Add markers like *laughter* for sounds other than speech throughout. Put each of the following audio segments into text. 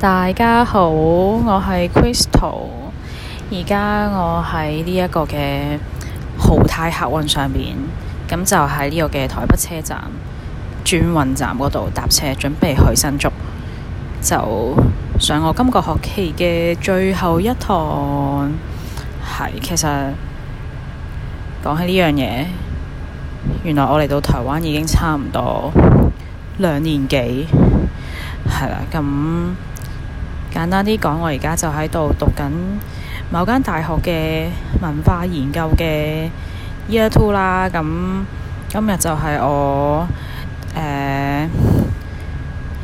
大家好，我係 Crystal，而家我喺呢一個嘅豪泰客運上面，咁就喺呢個嘅台北車站轉運站嗰度搭車，準備去新竹，就上我今個學期嘅最後一堂。係，其實講起呢樣嘢，原來我嚟到台灣已經差唔多兩年幾係啦，咁。簡單啲講，我而家就喺度讀緊某間大學嘅文化研究嘅 year two 啦。咁今日就係我誒、呃、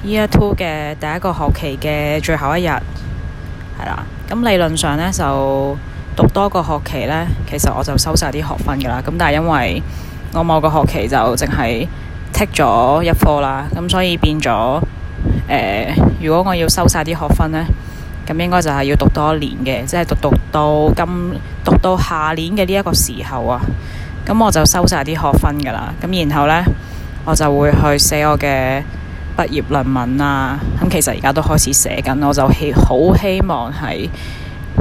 year two 嘅第一個學期嘅最後一日，係啦。咁理論上咧就讀多個學期咧，其實我就收晒啲學分㗎啦。咁但係因為我某個學期就淨係 take 咗一科啦，咁所以變咗。呃、如果我要收晒啲學分呢，咁應該就係要讀多一年嘅，即係讀，讀，讀到今讀到下年嘅呢一個時候啊，咁我就收晒啲學分㗎啦。咁然後呢，我就會去寫我嘅畢業論文啊。咁其實而家都開始寫緊，我就好希望喺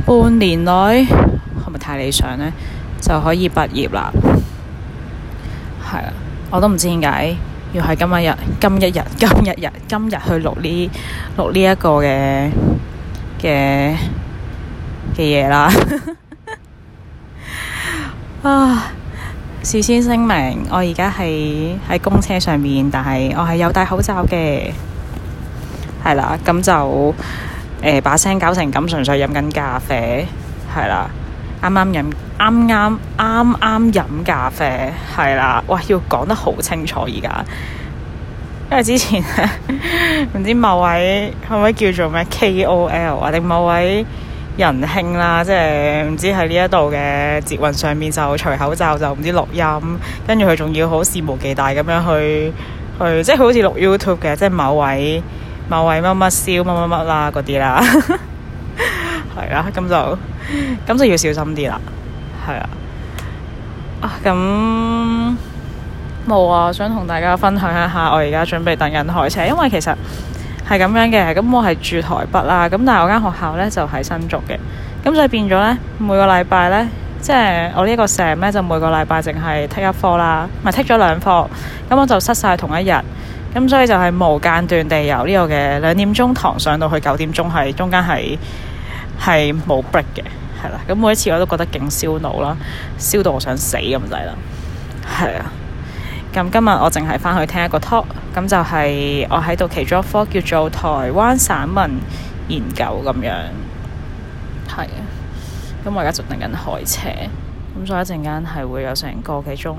半年內係咪太理想呢？就可以畢業喇。係啊，我都唔知點解。要係今日日，今一日，今日今日，今日，今日去錄呢錄呢一個嘅嘅嘅嘢啦。 *laughs* 啊，事先聲明，我而家係喺公車上面，但係我係有戴口罩嘅，係啦。咁就誒、呃、把聲搞成咁，純粹飲緊咖啡，係啦。啱啱飲，啱啱啱啱飲咖啡，係啦，哇！要講得好清楚而家，因為之前唔知某位可唔可以叫做咩 KOL 啊，定某位仁兄啦，即係唔知喺呢一度嘅捷運上面就除口罩就唔知錄音，跟住佢仲要好肆無忌憚咁樣去去，即係好似錄 YouTube 嘅，即係某位，某位某位乜乜燒乜乜乜啦嗰啲啦。 *laughs* 係啦，咁就咁就要小心啲啦。係啊，啊咁冇啊，我想同大家分享一下，我而家準備等人開車，因為其實係咁樣嘅。咁、嗯、我係住台北啦，咁、嗯、但係我間學校咧就喺、是、新竹嘅，咁、嗯、所以變咗咧，每個禮拜咧，即係我呢一個 semester 咧，就每個禮拜淨係 tick 一科啦，咪 tick 咗兩科，咁、嗯、我就塞晒同一日，咁、嗯、所以就係無間斷地由呢度嘅兩點鐘堂上到去九點鐘，係中間係。係冇 break 嘅，係啦，咁每一次我都覺得勁燒腦啦，燒到我想死咁滯啦，係啊，咁今日我淨係返去聽一個 talk，咁就係我喺度其中一科叫做台灣散文研究咁樣，係啊，咁我而家就等緊開車，咁所以一陣間係會有成個幾鐘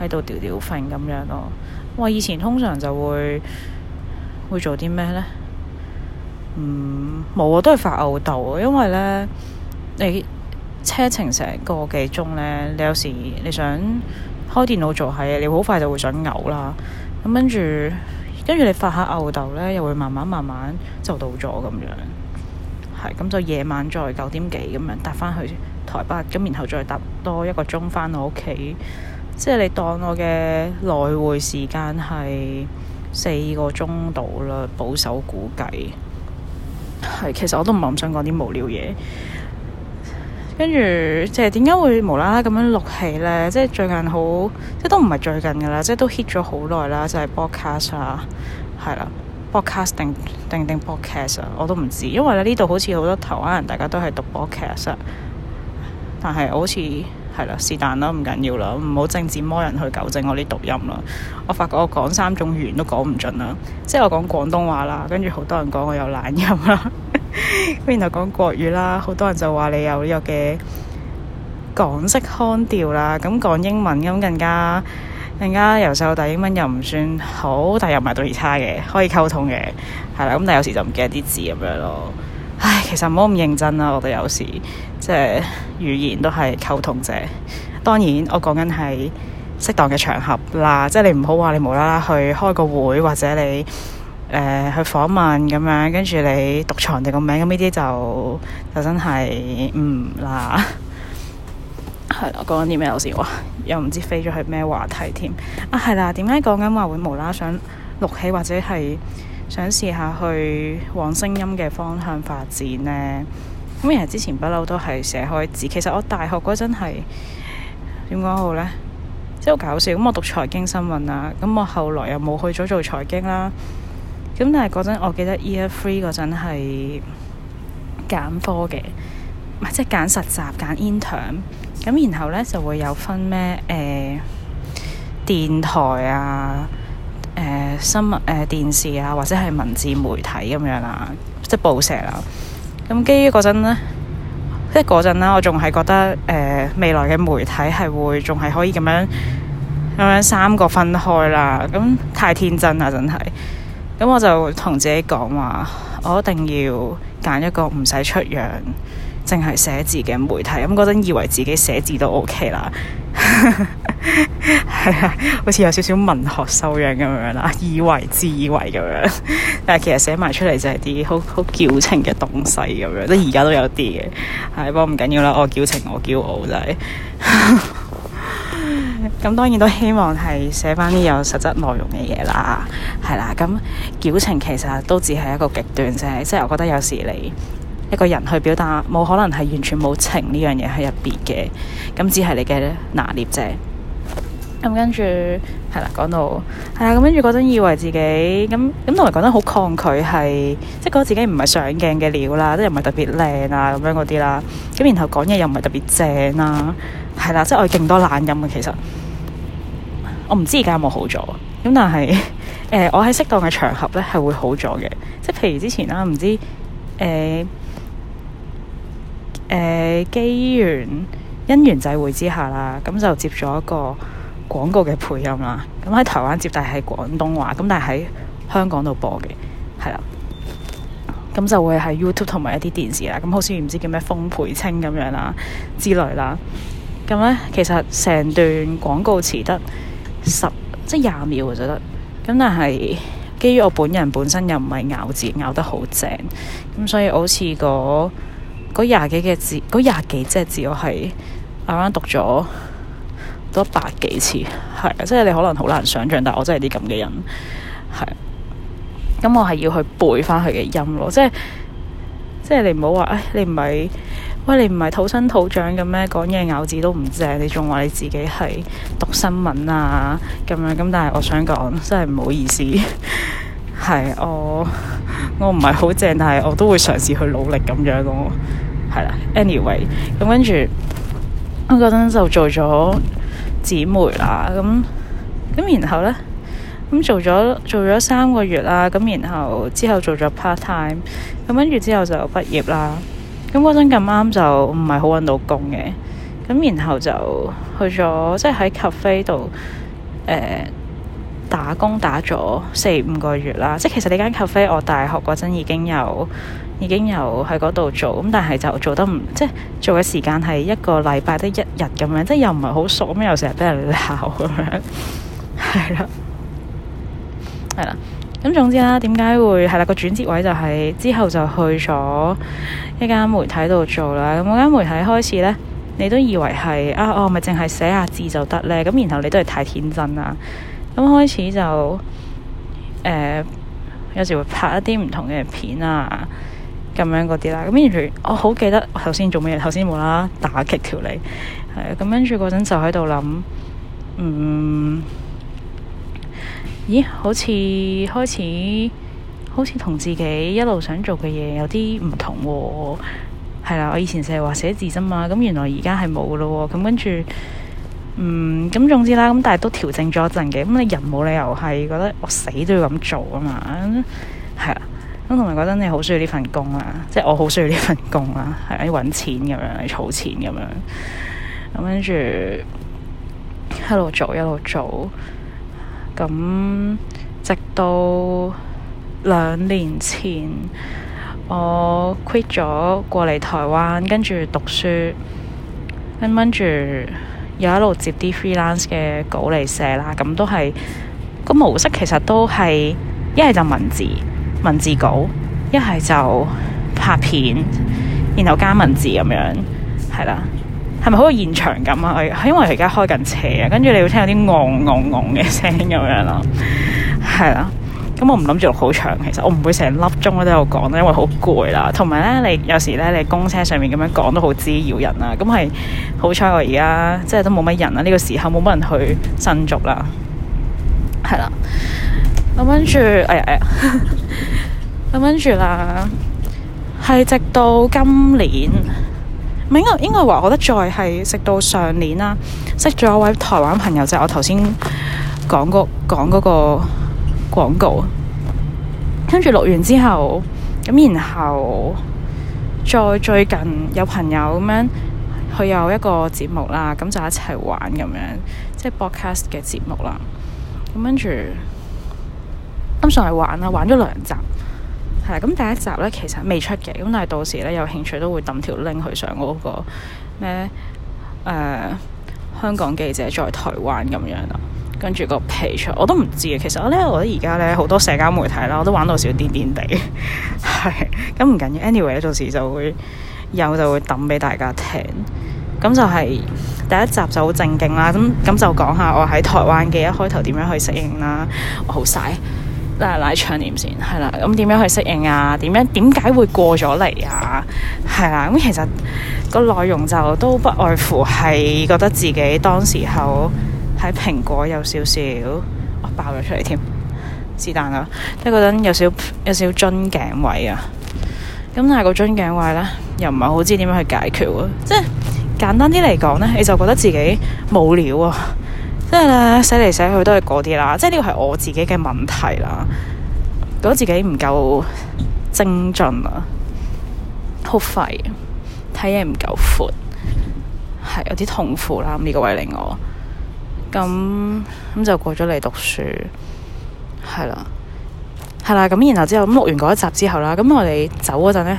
喺度吊吊揈咁樣咯，我以前通常就會會做啲咩咧？嗯，冇啊，都係發吽豆啊。因為咧，你車程成個幾鐘咧，你有時你想開電腦做嘢，你好快就會想嘔啦。咁跟住，跟住你發下吽豆咧，又會慢慢慢慢就到咗咁樣。係咁就夜晚再九點幾咁樣搭翻去台北，咁然後再搭多一個鐘翻我屋企，即係你當我嘅來回時間係四個鐘度啦，保守估計。係，其實我都唔係咁想講啲無聊嘢。跟住即係點解會無啦啦咁樣錄起咧？即係最近好，即係都唔係最近噶啦，即係都 hit 咗好耐啦，就係、是、Podcast 啊，係啦 Podcast 定定定 Podcast 啊，我都唔知，因為咧呢度好似好多臺灣人，大家都係讀 Podcast，但係好似。係啦，是但啦，唔緊要啦，唔好正字摸人去糾正我啲讀音啦。我發覺我講三種語言都講唔準啦，即係我講廣東話啦，跟住好多人講我有懶音啦。跟住就講國語啦，好多人就話你有有呢個嘅港式腔調啦。咁講英文咁，更加更加由細到大，英文又唔算好，但又唔係到時差嘅，可以溝通嘅係啦。咁但有時就唔記得啲字咁樣咯。唉，其實唔好咁認真啦，我哋有時。即係語言都係溝通者，當然我講緊係適當嘅場合啦。即係你唔好話你無啦啦去開個會，或者你誒、呃、去訪問咁樣，跟住你讀場地個名，咁呢啲就就真係唔啦。係、嗯、 *laughs* 我講緊啲咩有時話， *laughs* 又唔知飛咗去咩話題添啊？係啦，點解講緊話會無啦啦想錄起，或者係想試下去往聲音嘅方向發展呢？咁又係之前不嬲都係寫開字，其實我大學嗰陣係點講好咧？即係好搞笑。咁我讀財經新聞啦，咁我後來又冇去咗做財經啦。咁但係嗰陣我記得 year three 嗰陣係揀科嘅，係即係揀實習揀 intern。咁 in 然後咧，就會有分咩誒、呃、電台啊，誒新聞誒電視啊，或者係文字媒體咁樣啦，即係報社啦。咁、嗯、基於嗰陣呢，即係嗰陣呢，我仲係覺得誒、呃、未來嘅媒體係會仲係可以咁樣咁樣三個分開啦。咁太天真啦，真係。咁我就同自己講話，我一定要揀一個唔使出樣，淨係寫字嘅媒體。咁嗰陣以為自己寫字都 OK 啦。 *laughs* 係啊， *laughs* 好似有少少文學修養咁樣啦，以為自以為咁樣，但係其實寫埋出嚟就係啲好好矯情嘅東西咁樣。即係而家都有啲嘅，係不過唔緊要啦。我矯情，我驕傲，真係咁。 *laughs* 當然都希望係寫翻啲有實質內容嘅嘢啦，係啦。咁矯情其實都只係一個極端啫，即係我覺得有時你一個人去表達，冇可能係完全冇情呢樣嘢喺入邊嘅，咁只係你嘅拿捏啫。咁跟住係啦，講到係啦。咁跟住嗰陣，以為自己咁咁，同埋講得好抗拒，係即係覺得自己唔係上鏡嘅料啦，即係又唔係特別靚啊，咁樣嗰啲啦。咁然後講嘢又唔係特別正啦，啊，係啦，即係我係勁多懶音嘅。其實我唔知而家有冇好咗咁，但係誒、 *laughs* 呃，我喺適當嘅場合咧係會好咗嘅。即係譬如之前啦，唔知誒誒，機、欸、緣、呃、因緣際會之下啦，咁就接咗一個廣告嘅配音啦，咁喺台灣接，但係廣東話，咁但係喺香港度播嘅。係啦，咁就會喺 YouTube 同埋一啲電視啦，咁好似唔知叫咩封培清咁樣啦，之類啦，咁咧其實成段廣告詞得十即係廿秒我就得，咁但係基於我本人本身又唔係咬字咬得好正，咁所以好似嗰廿幾嘅字，嗰廿幾隻字，字我係啱啱讀咗多百幾次，係啊，即係你可能好難想像，但係我真係啲咁嘅人係。咁我係要去背翻佢嘅音咯，即係即係你唔好話誒，你唔係，喂，你唔係土生土長嘅咩？講嘢咬字都唔正，你仲話你自己係讀新聞啊咁樣。咁但係我想講，真係唔好意思，係，我，我唔係好正，但係我都會嘗試去努力咁樣咯。係啦，Anyway，咁跟住我嗰陣就做咗。姊妹啦，咁咁然後咧，咁做咗做咗三個月啦，咁然後之後做咗 part time，咁跟住之後就畢業啦。咁嗰陣咁啱就唔係好揾到工嘅，咁然後就去咗即係喺 cafe 度誒打工打咗四五個月啦。即係其實呢間 cafe 我大學嗰陣已經有。已經由喺嗰度做，咁但係就做得唔即係做嘅時間係一個禮拜得一日咁樣，即係又唔係好熟，咁又成日畀人鬧咁樣，係 *laughs* 啦，係啦。咁總之啦，點解會係啦，個轉折位就係，是，之後就去咗一間媒體度做啦。咁我間媒體開始咧，你都以為係啊，我咪淨係寫下字就得咧。咁然後你都係太天真啦。咁開始就誒，呃、有時會拍一啲唔同嘅片啊。咁樣嗰啲啦，咁跟住，我、哦、好記得我頭先做咩嘢？頭先冇啦打擊調你。係啊，咁跟住嗰陣就喺度諗，嗯，咦，好似開始，好似同自己一路想做嘅嘢有啲唔同喎，哦，係啦，我以前成日話寫字咋嘛，咁原來而家係冇咯喎，咁跟住，嗯，咁總之啦，咁但係都調整咗陣嘅，咁你人冇理由係覺得我死都要咁做啊嘛，係啦。咁同埋覺得你好需要呢份工啊，即係我好需要呢份工啦，係要搵錢咁樣，係儲錢咁樣。咁跟住一路做一路做，咁直到兩年前我 quit 咗過嚟台灣，跟住讀書，跟住又一路接啲 freelance 嘅稿嚟寫啦。咁都係個模式，其實都係一係就文字。文字稿，一係就拍片，然後加文字咁樣，係啦，係咪好有現場咁啊？係，因為而家開緊車啊，跟住你會聽有啲昂昂昂嘅聲咁樣啦，係啦。咁、嗯、我唔諗住錄好長，其實我唔會成粒鐘都喺度講，因為好攰啦。同埋咧，你有時咧，你公車上面咁樣講都好滋擾人啊。咁係好彩我而家即係都冇乜人啦，呢、呢個時候冇乜人去新竹啦，係啦。咁跟住，哎呀哎呀，咁跟住啦，係直到今年，唔係，我應該話，我覺得再係直到上年啦。識咗一位台灣朋友就係我頭先講個講嗰個廣告，跟住錄完之後，咁然後再最近有朋友咁樣，佢有一個節目啦，咁就一齊玩咁樣，即係 podcast 嘅節目啦。咁跟住。咁上嚟玩啦，玩咗兩集，係啦。咁第一集咧其實未出嘅，咁但係到時咧有興趣都會揼條 link 去上嗰、那個咩誒、呃、香港記者在台灣咁樣啦。跟住個 page 我都唔知嘅。其實我咧，我覺得而家咧好多社交媒體啦，我都玩到少啲啲地係咁唔緊要。anyway，到時就會有就會揼俾大家聽。咁就係、是、第一集就好正經啦。咁咁就講下我喺台灣嘅一開頭點樣去適應啦。我好曬。拉拉窗簾先，係啦，咁點樣去適應啊？點樣？點解會過咗嚟啊？係啦，咁、嗯、其實、個內容就都不外乎係覺得自己當時候喺蘋果有少少，喔、爆咗出嚟添，是但啦，即係覺得有少有少樽頸位啊，咁但係個樽頸位咧又唔係好知點樣去解決喎、啊，即係簡單啲嚟講咧，你就覺得自己冇料啊。即係咧，寫嚟寫去都係嗰啲啦，即係呢個係我自己嘅問題啦，覺得自己唔夠精進啊，好廢呀，睇嘢唔夠闊，係有啲痛苦啦。呢、呢個位令我，咁、嗯、咁、嗯嗯、就過咗嚟讀書，係啦，係啦。咁、嗯、然後之後，咁、嗯、錄完嗰一集之後啦，咁我哋走嗰陣咧，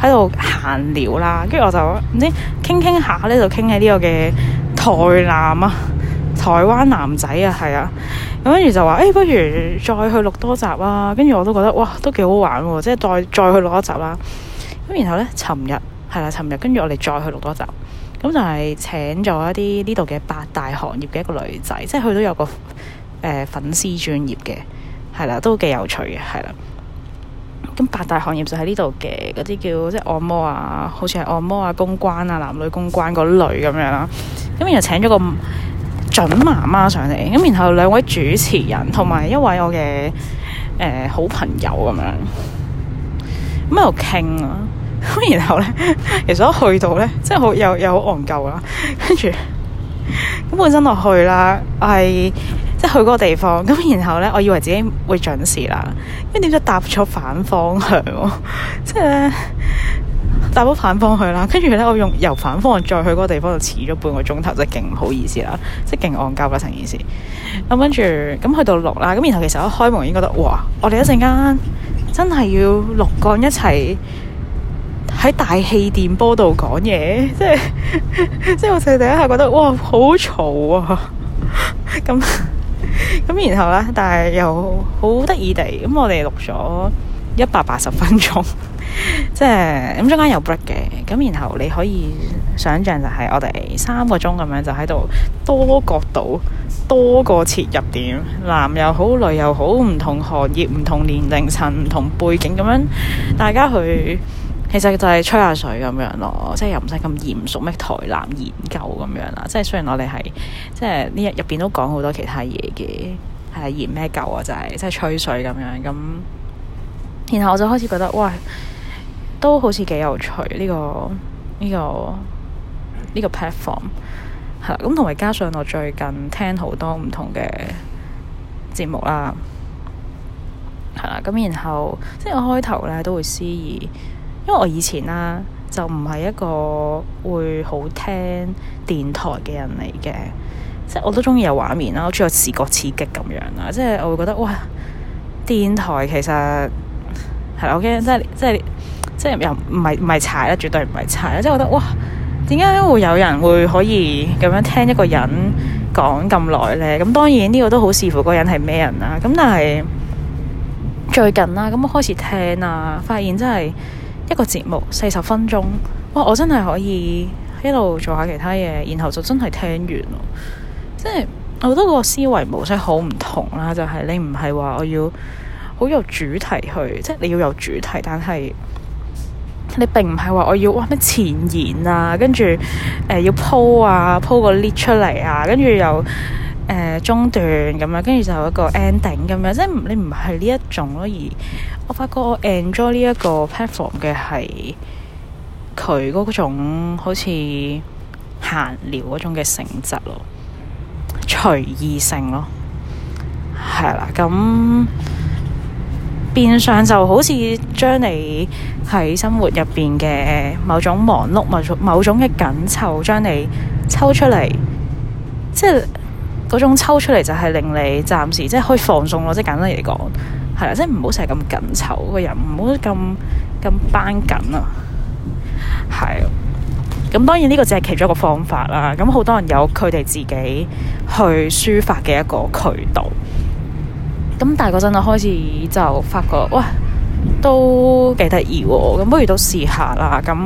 喺度閒聊啦，跟住我就唔知傾傾下咧，就傾喺呢個嘅台南啊。台灣男仔啊，係啊，咁跟住就話誒，不如再去錄多集啦。跟住我都覺得哇，都幾好玩喎，即係再再去錄多集啦。咁然後呢，尋日係啦，尋日跟住我哋再去錄多集，咁就係請咗一啲呢度嘅八大行業嘅一個女仔，即係佢都有個誒粉絲專業嘅，係啦，都幾有趣嘅，係啦。咁八大行業就喺呢度嘅嗰啲叫即係按摩啊，好似係按摩啊、公關啊、男女公關嗰類咁樣啦。咁然後請咗個。準媽媽上嚟，咁然後兩位主持人同埋一位我嘅誒、呃、好朋友咁樣，咁喺度傾啊，咁然後咧，其實我去到咧，即係好又又好戇鳩啦，跟住咁本身落去啦，我係即係去嗰個地方，咁然後咧，我以為自己會準時啦，因為點解搭錯反方向，啊，即係咧。搭波反方去啦，跟住咧，我用由反方再去嗰個地方就遲咗半個鐘頭，即係勁唔好意思啦，即係勁戇鳩啦成件事。咁跟住咁去到錄啦，咁然後其實我一開門已經覺得哇，我哋一陣間真係要六個一齊喺大氣電波度講嘢，即係即係我哋第一下覺得哇，好嘈啊！咁 *laughs* 咁然後咧，但係又好得意地，咁我哋錄咗一百八十分鐘。即係咁中間有 break 嘅，咁然後你可以想象就係我哋三個鐘咁樣就喺度多角度、多個切入點，男又好、女又好，唔同行業、唔同年齡層、唔同背景咁樣，大家去其實就係吹下水咁樣咯，即係又唔使咁嚴肅咩台南研究咁樣啦。即係雖然我哋係即係呢日入邊都講好多其他嘢嘅，係研咩舊啊，就係、是、即係吹水咁樣咁。然後我就開始覺得，哇！都好似幾有趣，呢個呢個呢個 platform 係啦。咁同埋加上我最近聽好多唔同嘅節目啦，係啦。咁然後即係我開頭咧都會思議，因為我以前啦就唔係一個會好聽電台嘅人嚟嘅，即係我都中意有畫面啦，我中意有視覺刺激咁樣啦。即係我會覺得哇，電台其實係啦，OK，即係即係。即即係又唔係唔係踩啦，絕對唔係踩啦。即係我覺得哇，點解會有人會可以咁樣聽一個人講咁耐咧？咁當然呢個都好視乎個人係咩人啦、啊。咁但係最近啦、啊，咁我開始聽啊，發現真係一個節目四十分鐘，哇！我真係可以一路做一下其他嘢，然後就真係聽完咯。即係我覺得個思維模式好唔同啦，就係、是、你唔係話我要好有主題去，即係你要有主題，但係。你並唔係話我要哇咩前言啊，跟住誒要 po 啊，po 個 list 出嚟啊，跟住、啊、又誒、呃、中段咁樣，跟住就有一個 ending 咁樣，即係你唔係呢一種咯。而我發覺我 enjoy 呢一個 platform 嘅係佢嗰種好似閒聊嗰種嘅性質咯，隨意性咯，係啦咁。變相就好似將你喺生活入邊嘅某種忙碌、某種某種嘅緊湊，將你抽出嚟，即係嗰種抽出嚟就係令你暫時即係可以放鬆咯。即係簡單嚟講，係啦，即係唔好成日咁緊湊個人，唔好咁咁繃緊啊。係，咁當然呢個只係其中一個方法啦。咁好多人有佢哋自己去抒發嘅一個渠道。咁大個陣就開始就發覺，哇，都幾得意咁，不如都試下啦。咁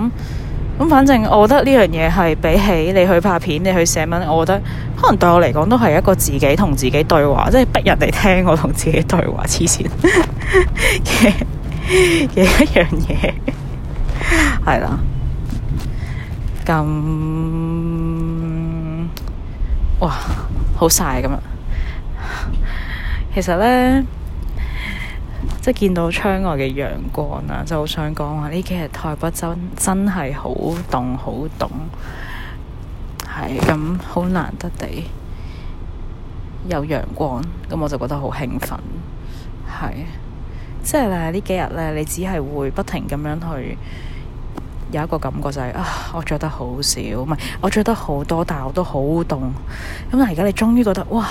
咁，反正我覺得呢樣嘢，係比起你去拍片、你去寫文，我覺得可能對我嚟講都係一個自己同自己對話，即係逼人嚟聽我同自己對話，黐線嘅嘅一樣件嘢， *laughs* 係啦。咁哇，好曬咁啊！其實咧，即係見到窗外嘅陽光啊，就好想講話呢幾日台北真真係好凍，好凍，係咁好難得地有陽光，咁我就覺得好興奮，係。即係你呢幾日咧，你只係會不停咁樣去有一個感覺，就係，就係啊，我着得好少，唔係我着得好多，但係我都好凍。咁但係，而家你終於覺得哇！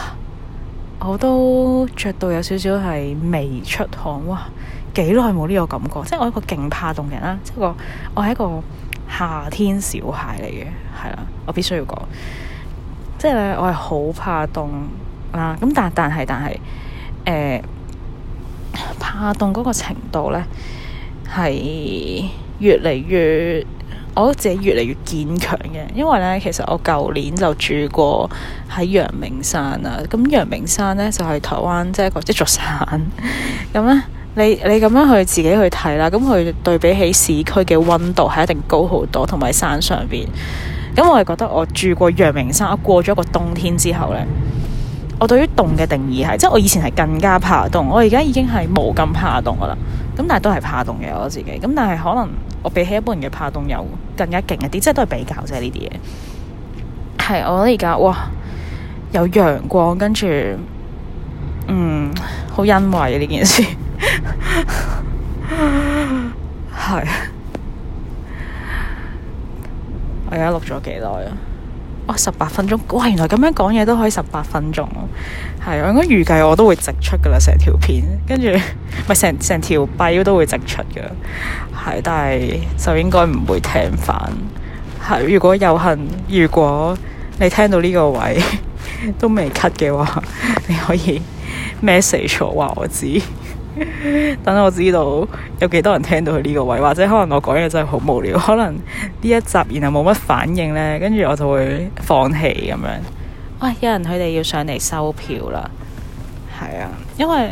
我都着到有少少係未出汗，哇！幾耐冇呢個感覺？即係我係一個勁怕凍人啦，即係我我係一個夏天小孩嚟嘅。係啦，我必須要講，即係咧我係好怕凍啦，咁但但係但係誒、呃、怕凍嗰個程度咧係越嚟越。我自己越嚟越堅強嘅，因為咧，其實我舊年就住過喺陽明山啦。咁陽明山咧就係台灣即係一個即係一座山。咁咧，你你咁樣去自己去睇啦。咁佢對比起市區嘅溫度係一定高好多，同埋山上邊。咁我係覺得我住過陽明山，我過咗一個冬天之後咧，我對於凍嘅定義係，即係我以前係更加怕凍，我而家已經係冇咁怕凍噶啦。咁但係都係怕凍嘅我自己。咁但係可能。我比起一般人嘅怕凍有更加勁一啲，即係都係比較啫。呢啲嘢係我而家，哇，有陽光，跟住嗯，好欣慰啊呢件事係。 *laughs* 我而家錄咗幾耐啊？十八分鐘，哦，十八分鐘，哇！原來咁樣講嘢都可以十八分鐘，係我應該預計我都會直出噶啦，成條片，跟住咪成成條臂腰都會直出噶，係，但係就應該唔會聽翻。係，如果有幸，如果你聽到呢個位都未 cut 嘅話，你可以 message 我話我知。等 *laughs* 我知道有幾多人聽到佢呢個位，或者可能我講嘢真係好無聊，可能呢一集然後冇乜反應呢，跟住我就會放棄咁樣。喂，有人佢哋要上嚟收票啦，係啊，因為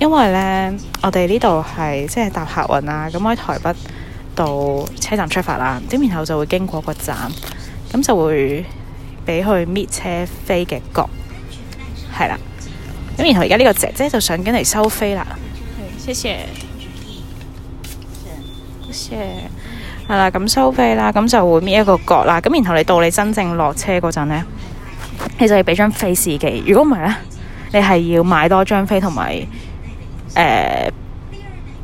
因為呢，我哋呢度係即係搭客運啦，咁我喺台北到車站出發啦，點然後就會經過個站，咁就會俾佢搣車飛嘅角。係啦，咁然後而家呢個姐姐就上緊嚟收飛啦。係，謝謝，謝謝。係啦、嗯，咁收飛啦，咁就會搣一個角啦。咁然後你到你真正落車嗰陣呢，你就要俾張飛司機。如果唔係呢，你係要買多張飛同埋誒，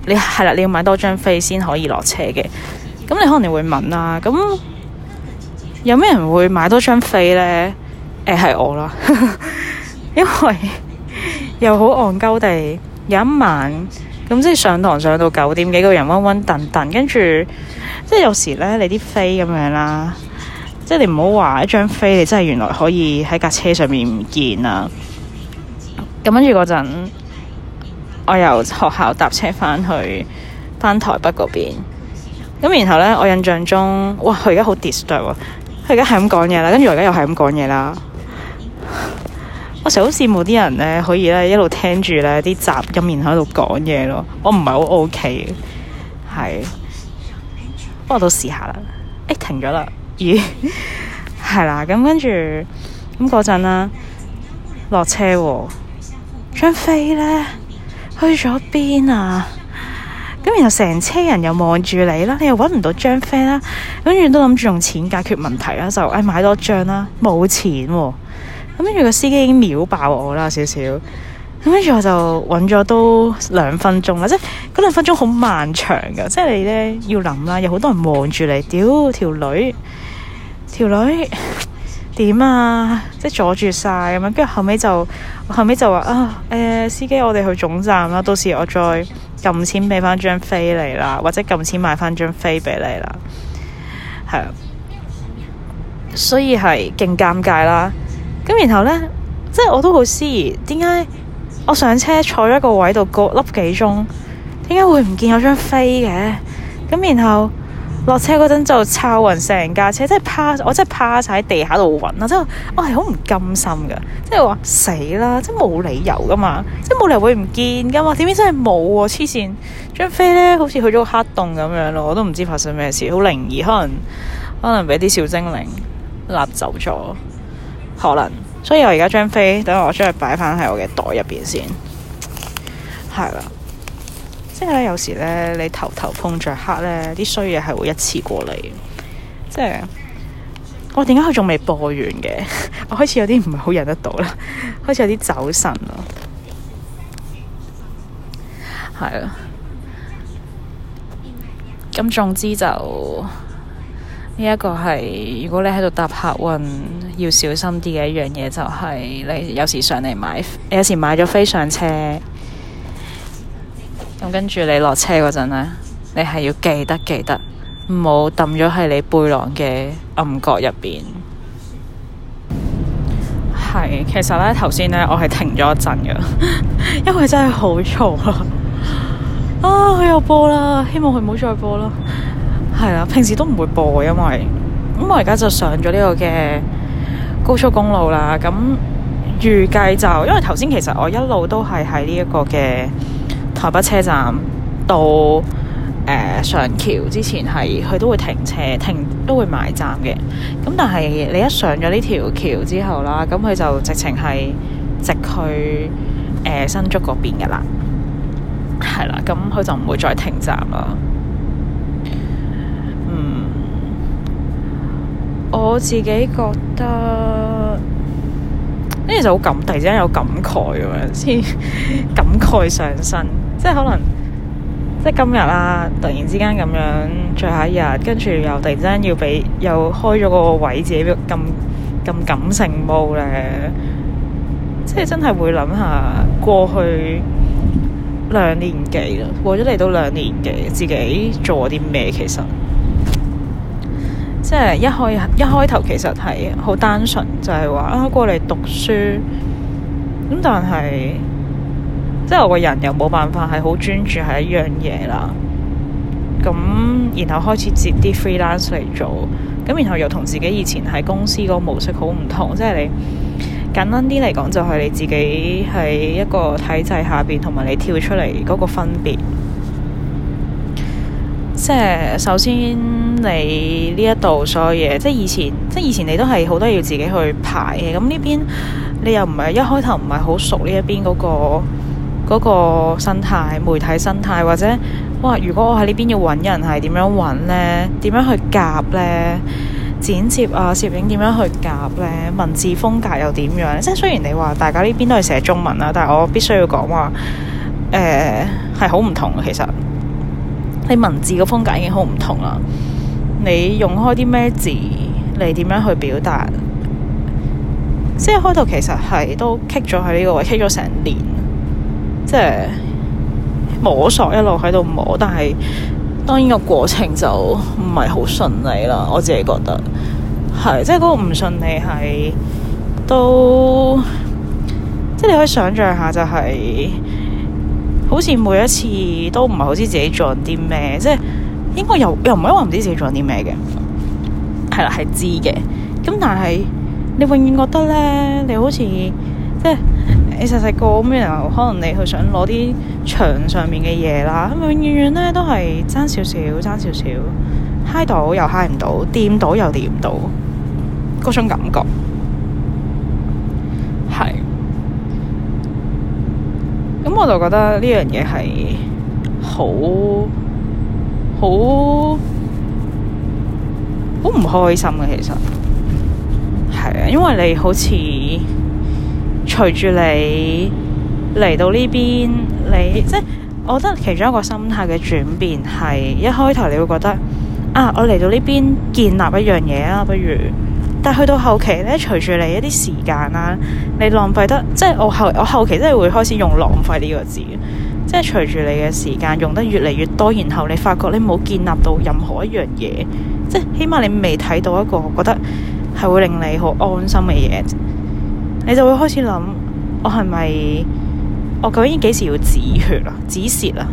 你係啦，你要買多張飛先可以落車嘅。咁你可能你會問啦、啊，咁有咩人會買多張飛呢？誒、呃，係我啦。 *laughs* 因為 *laughs* 又好戇鳩地，有一晚咁即係上堂上到九點幾個人溫溫凳凳。跟住即係有時咧你啲飛咁樣啦，即係你唔好話一張飛，你真係原來可以喺架車上面唔見啦。咁跟住嗰陣，我由學校搭車翻去翻台北嗰邊，咁然後咧我印象中，哇佢而家好 distressed 佢而家係咁講嘢啦，跟住我而家又係咁講嘢啦。我成日好羨慕啲人咧，可以咧一路聽住咧啲雜音然後喺度講嘢咯。我唔係好 OK，係，不過都試下啦。哎、欸，停咗啦，咦、欸，係 *laughs* 啦。咁、嗯、跟住咁嗰陣啦，落、嗯、車張、哦、飛咧去咗邊啊？咁然後成車人又望住你啦，你又搵唔到張飛啦，跟住都諗住用錢解決問題啦，就哎買多張啦、啊，冇錢、哦。咁跟住個司機已經秒爆我啦，少少咁，跟住我就揾咗都兩分鐘啦，即係嗰兩分鐘好漫長㗎，即係你呢要諗啦，有好多人望住你，屌條女條女點啊，即係阻住晒咁樣，跟住後尾就後尾就話啊、呃，司機，我哋去總站啦，到時我再撳錢畀翻張飛你啦，或者撳錢買翻張飛畀你啦，係啊，所以係勁尷尬啦。咁然後呢，即係我都好思疑，點解我上車坐咗一個位度個粒幾鐘，點解會唔見有張飛嘅？咁然後落車嗰陣就抄勻成架車，即係趴，我即係趴晒喺地下度揾啦，即係我係好唔甘心噶，即係話死啦，即係冇理由噶嘛，即係冇理由會唔見噶嘛，點知真係冇喎，黐綫，張飛咧好似去咗個黑洞咁樣咯，我都唔知發生咩事，好靈異，可能可能俾啲小精靈拉走咗。可能，所以我而家張飛，等我將佢擺返喺我嘅袋入邊先，係啦。即係咧，有時咧，你頭頭碰着黑咧，啲衰嘢係會一次過嚟。即係我點解佢仲未播完嘅？ *laughs* 我開始有啲唔係好忍得到啦， *laughs* 開始有啲走神咯。係啦，咁總之就。呢一個係如果你喺度搭客運要小心啲嘅一樣嘢，就係你有時上嚟買，有時買咗飛上車，咁跟住你落車嗰陣咧，你係要記得記得，唔好揼咗喺你背囊嘅暗角入邊。係，其實咧頭先咧，我係停咗一陣㗎， *laughs* 因為佢真係好嘈呀。 *laughs* 啊，佢又播啦，希望佢唔好再播啦。係啦，平時都唔會播，因為咁我而家就上咗呢個嘅高速公路啦。咁預計就因為頭先其實我一路都係喺呢一個嘅台北車站到誒、呃、上橋之前係佢都會停車，停都會埋站嘅。咁但係你一上咗呢條橋之後啦，咁佢就直情係直去誒、呃、新竹嗰邊噶啦。係啦，咁佢就唔會再停站啦。我自己覺得呢啲就好感，突然之間有感慨咁樣，先感慨上身，即係可能即係今日啦、啊，突然之間咁樣最後一日，跟住又突然之間要俾又開咗個位置，自己咁咁感性冇咧，即真係會諗下過去兩年幾啦，過咗嚟都兩年幾，自己做咗啲咩其實？即係一開一開頭其實係好單純，就係話啊過嚟讀書。咁但係，即係我個人又冇辦法係好專注喺一樣嘢啦。咁然後開始接啲 freelance 嚟做，咁然後又同自己以前喺公司個模式好唔同，即係你簡單啲嚟講就係你自己喺一個體制下邊，同埋你跳出嚟嗰個分別。即係首先你呢一度所有嘢，即係以前，即係以前你都係好多要自己去排嘅。咁呢邊你又唔係一開頭唔係好熟呢一邊嗰個嗰個生態、媒體生態，或者哇，如果我喺呢邊要揾人係點樣揾呢？點樣去夾呢？剪接啊、攝影點樣去夾呢？文字風格又點樣？即係雖然你話大家呢邊都係寫中文啦，但係我必須要講話誒係好唔同其實。你文字嘅風格已經好唔同啦，你用開啲咩字，你點樣去表達？即係開頭其實係都棘咗喺呢個位，棘咗成年，即係摸索一路喺度摸，但係當然個過程就唔係好順利啦。我自己覺得係，即係嗰個唔順利係都，即係你可以想像下就係、是。好似每一次都唔係好知自己做啲咩，即係應該又又唔係話唔知自己做啲咩嘅，係啦係知嘅。咁但係你永遠覺得咧，你好似即係你細細個咁樣，可能你去想攞啲牆上面嘅嘢啦，咁永遠遠咧都係爭少少，爭少少，嗨到又嗨唔到，掂到又掂唔到，嗰種感覺。嗯、我就覺得呢樣嘢係好好好唔開心嘅。其實係啊，因為你好似隨住你嚟到呢邊，你即係我覺得其中一個心態嘅轉變係一開頭你會覺得啊，我嚟到呢邊建立一樣嘢啊，不如。但去到後期呢隨住你一啲時間啦，你浪費得，即係我後我後期真係會開始用浪費呢個字，即係隨住你嘅時間用得越嚟越多，然後你發覺你冇建立到任何一樣嘢，即係起碼你未睇到一個覺得係會令你好安心嘅嘢，你就會開始諗，我係咪我究竟幾時要止血啊，止蝕啊？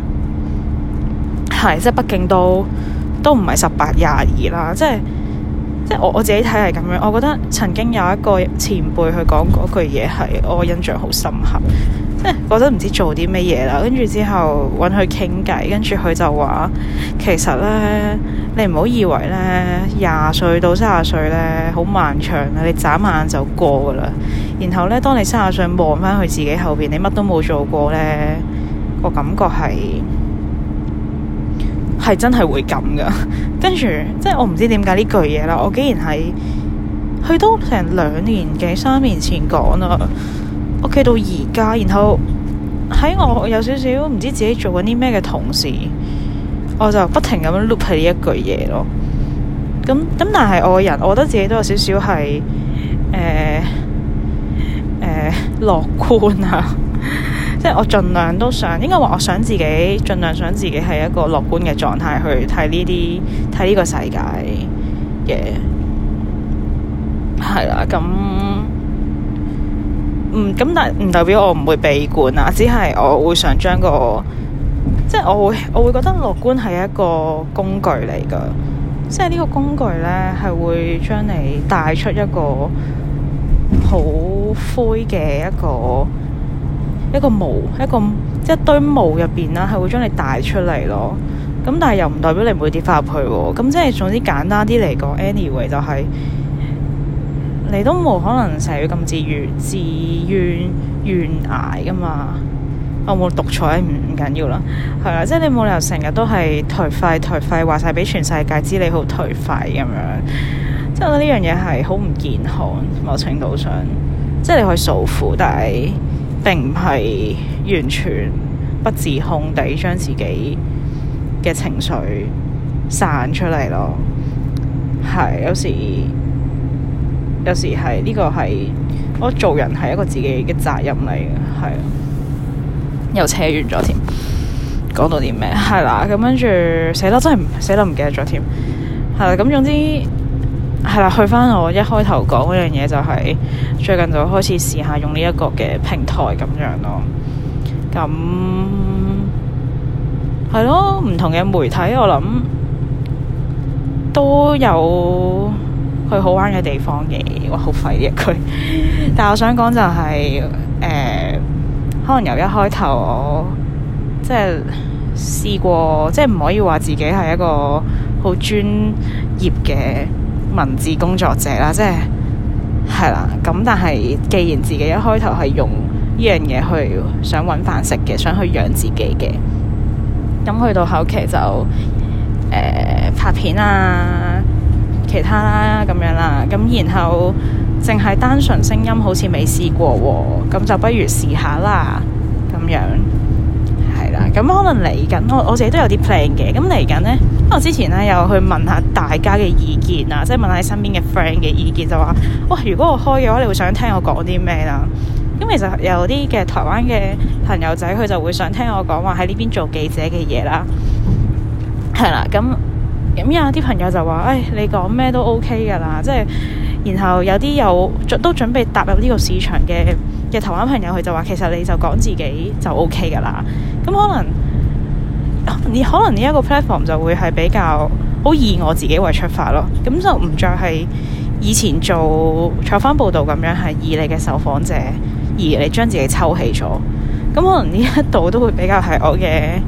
係，即係畢竟都都唔係十八廿二啦，即係。即係我我自己睇係咁樣，我覺得曾經有一個前輩佢講嗰句嘢係我印象好深刻。即係覺得唔知做啲咩嘢啦，跟住之後揾佢傾偈，跟住佢就話：其實咧，你唔好以為咧，廿歲到三十歲咧好漫長啊，你眨眼就過噶啦。然後咧，當你三十歲望返去自己後邊，你乜都冇做過咧，個感覺係。係真係會咁噶，跟 *laughs* 住即係我唔知點解呢句嘢啦。我竟然係去到成兩年幾三年前講啊，屋企到而家，然後喺我有少少唔知自己做緊啲咩嘅同時，我就不停咁樣 loop 起呢一句嘢咯。咁咁但係我個人，我覺得自己都有少少係誒誒樂觀啊。 *laughs* 即係我盡量都想，應該話我想自己盡量想自己係一個樂觀嘅狀態去睇呢啲睇呢個世界嘅。係、yeah. 啦，咁，嗯，咁但係唔代表我唔會悲觀啊，只係我會想將個，即係我會我會覺得樂觀係一個工具嚟㗎，即係呢個工具咧係會將你帶出一個好灰嘅一個。一個毛，一個一堆毛入邊啦，係會將你帶出嚟咯。咁但係又唔代表你唔會跌翻入去喎。咁、嗯、即係總之簡單啲嚟講，anyway 就係你都冇可能成日要咁自怨自怨怨捱噶嘛。我冇讀錯唔緊要啦，嗯、係啦，即係你冇理由成日都係頹廢頹廢，話晒俾全世界知你好頹廢咁樣。即係覺得呢樣嘢係好唔健康，某程度上即係你可以訴苦，但係。並唔係完全不自控地將自己嘅情緒散出嚟咯。係有時，有時係呢、這個係我做人係一個自己嘅責任嚟嘅，係啊。又扯遠咗添，講到啲咩係啦？咁跟住死啦，真係死啦，唔記得咗添。係啦，咁總之。係啦，去翻我一開頭講嗰樣嘢，就係最近就開始試下用呢一個嘅平台咁樣咯。咁係咯，唔同嘅媒體，我諗都有去好玩嘅地方嘅。我好廢呢一句，但係我想講就係誒、呃，可能由一開頭我即係試過，即係唔可以話自己係一個好專業嘅。文字工作者啦，即係係啦，咁但係既然自己一開頭係用呢樣嘢去想揾飯食嘅，想去養自己嘅，咁去到後期就、呃、拍片啊，其他啦咁樣啦，咁然後淨係單純聲音好似未試過，喎，咁就不如試下啦，咁樣係啦，咁可能嚟緊我我自己都有啲 plan 嘅，咁嚟緊呢。我之前咧，有去問下大家嘅意見啊，即係問下你身邊嘅 friend 嘅意見就話，哇，如果我開嘅話，你會想聽我講啲咩啦？咁其實有啲嘅台灣嘅朋友仔，佢就會想聽我講話喺呢邊做記者嘅嘢啦。係啦，咁咁有啲朋友就話，誒，你講咩都 OK 噶啦，即係然後有啲有準都準備踏入呢個市場嘅嘅台灣朋友，佢就話，其實你就講自己就 OK 噶啦。咁可能。你可能呢一個 platform 就會係比較好以我自己為出發咯，咁就唔再係以前做採訪報道咁樣係以你嘅受訪者而你將自己抽起咗，咁可能呢一度都會比較係我嘅，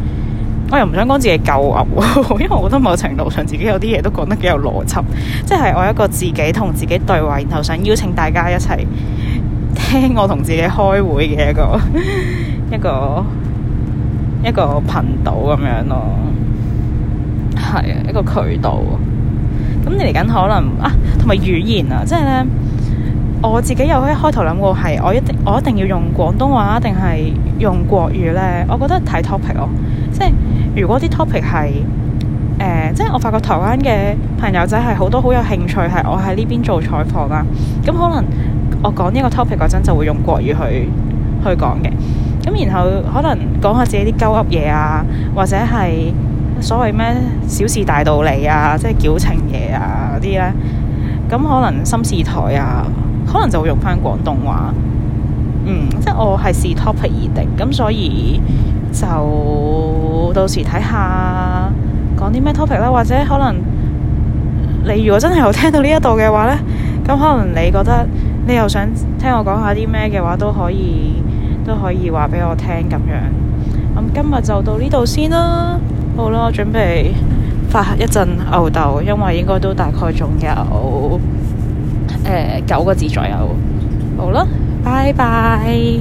我又唔想講自己夠噏喎， *laughs* 因為我覺得某程度上自己有啲嘢都講得幾有邏輯，即係我一個自己同自己對話，然後想邀請大家一齊聽我同自己開會嘅一個一個。 *laughs* 一個一個頻道咁樣咯，係啊，一個渠道。咁你嚟緊可能啊，同埋語言啊，即係咧，我自己有一開開頭諗過係，我一定我一定要用廣東話定係用國語咧？我覺得睇 topic 咯，哦，即係如果啲 topic 係誒、呃，即係我發覺台灣嘅朋友仔係好多好有興趣係我喺呢邊做採訪啦。咁可能我講呢個 topic 嗰陣就會用國語去去講嘅。咁然後可能講下自己啲鳩噏嘢啊，或者係所謂咩小事大道理啊，即係矯情嘢啊嗰啲咧。咁可能心事台啊，可能就會用返廣東話。嗯，即係我係視 topic 而定，咁所以就到時睇下講啲咩 topic 啦。或者可能你如果真係有聽到呢一度嘅話咧，咁可能你覺得你又想聽我講下啲咩嘅話都可以。都可以話畀我聽咁樣，咁、嗯、今日就到呢度先啦。好啦，我準備發一陣吽哣，因為應該都大概仲有誒、呃、九個字左右。好啦，拜拜。